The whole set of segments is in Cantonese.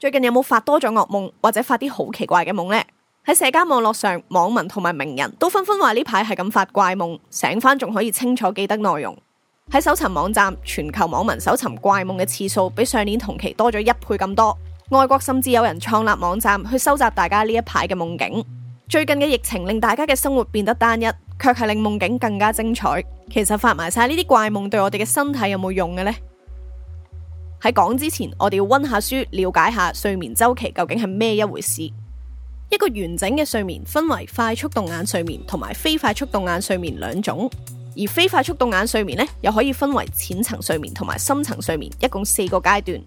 最近有冇發多咗噩夢或者發啲好奇怪嘅夢呢？喺社交網絡上，網民同埋名人都紛紛話呢排係咁發怪夢，醒翻仲可以清楚記得內容。喺搜尋網站，全球網民搜尋怪夢嘅次數比上年同期多咗一倍咁多。外國甚至有人創立網站去收集大家呢一排嘅夢境。最近嘅疫情令大家嘅生活變得單一，卻係令夢境更加精彩。其實發埋晒呢啲怪夢對我哋嘅身體有冇用嘅呢？喺講之前，我哋要溫下書，了解下睡眠周期究竟係咩一回事。一個完整嘅睡眠分為快速動眼睡眠同埋非快速動眼睡眠兩種，而非快速動眼睡眠呢，又可以分為淺層睡眠同埋深層睡眠，一共四個階段。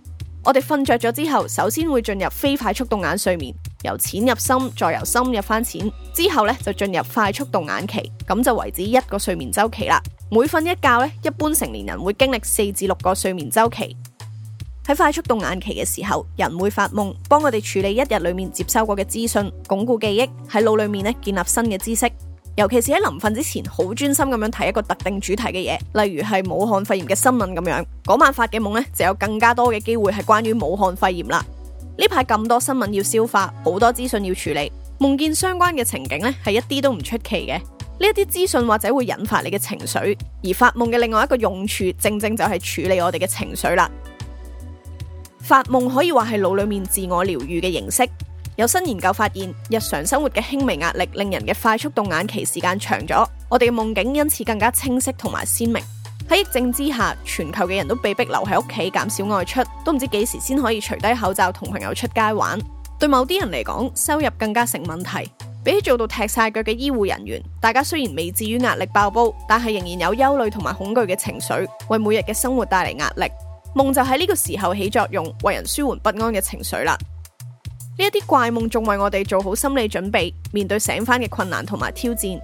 我哋瞓着咗之後，首先會進入非快速動眼睡眠，由淺入深，再由深入翻淺，之後呢，就進入快速動眼期，咁就為止一個睡眠周期啦。每瞓一覺呢，一般成年人會經歷四至六個睡眠周期。喺快速動眼期嘅時候，人會發夢，幫我哋處理一日裏面接收過嘅資訊，鞏固記憶，喺腦裏面呢，建立新嘅知識。尤其是喺臨瞓之前，好專心咁樣睇一個特定主題嘅嘢，例如係武漢肺炎嘅新聞咁樣，嗰晚發嘅夢呢，就有更加多嘅機會係關於武漢肺炎啦。呢排咁多新聞要消化，好多資訊要處理，夢見相關嘅情景呢，係一啲都唔出奇嘅。呢一啲資訊或者會引發你嘅情緒，而發夢嘅另外一個用處，正正正就係處理我哋嘅情緒啦。發夢可以話係腦裏面自我療愈嘅形式。有新研究發現，日常生活嘅輕微壓力，令人嘅快速動眼期時間長咗，我哋嘅夢境因此更加清晰同埋鮮明。喺疫症之下，全球嘅人都被迫留喺屋企，減少外出，都唔知幾時先可以除低口罩同朋友出街玩。對某啲人嚟講，收入更加成問題。比起做到踢晒腳嘅醫護人員，大家雖然未至於壓力爆煲，但係仍然有憂慮同埋恐懼嘅情緒，為每日嘅生活帶嚟壓力。夢就喺呢個時候起作用，為人舒緩不安嘅情緒啦。呢一啲怪夢仲為我哋做好心理準備，面對醒翻嘅困難同埋挑戰。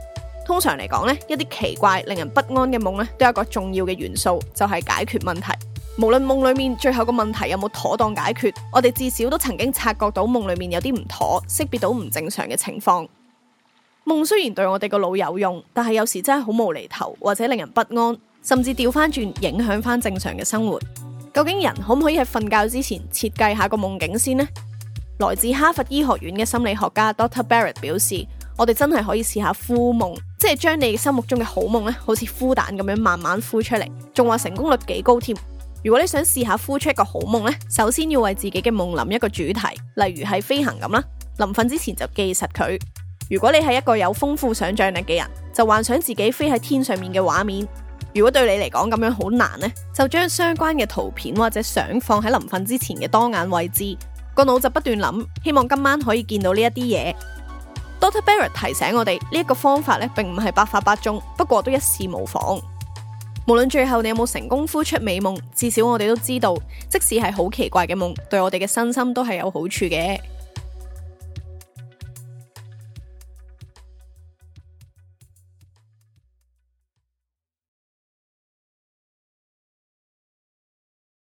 通常嚟講呢一啲奇怪令人不安嘅夢咧，都有一個重要嘅元素，就係解決問題。無論夢裏面最後個問題有冇妥當解決，我哋至少都曾經察覺到夢裏面有啲唔妥，識別到唔正常嘅情況。夢雖然對我哋個腦有用，但係有時真係好無厘頭，或者令人不安，甚至掉翻轉影響翻正常嘅生活。究竟人可唔可以喺瞓覺之前設計下個夢境先呢？來自哈佛醫學院嘅心理學家 Dr. Barrett 表示，我哋真係可以試下孵夢，即係將你心目中嘅好夢咧，好似孵蛋咁樣慢慢孵出嚟。仲話成功率幾高添。如果你想試下孵出一個好夢咧，首先要為自己嘅夢諗一個主題，例如係飛行咁啦。臨瞓之前就記實佢。如果你係一個有豐富想象力嘅人，就幻想自己飛喺天上面嘅畫面。如果對你嚟講咁樣好難，呢就將相關嘅圖片或者相放喺臨瞓之前嘅當眼位置，個腦就不斷諗，希望今晚可以見到呢一啲嘢。Dr. Barrett 提醒我哋呢一個方法咧，並唔係百發百中，不過都一試無妨。無論最後你有冇成功孵出美夢，至少我哋都知道，即使係好奇怪嘅夢，對我哋嘅身心都係有好處嘅。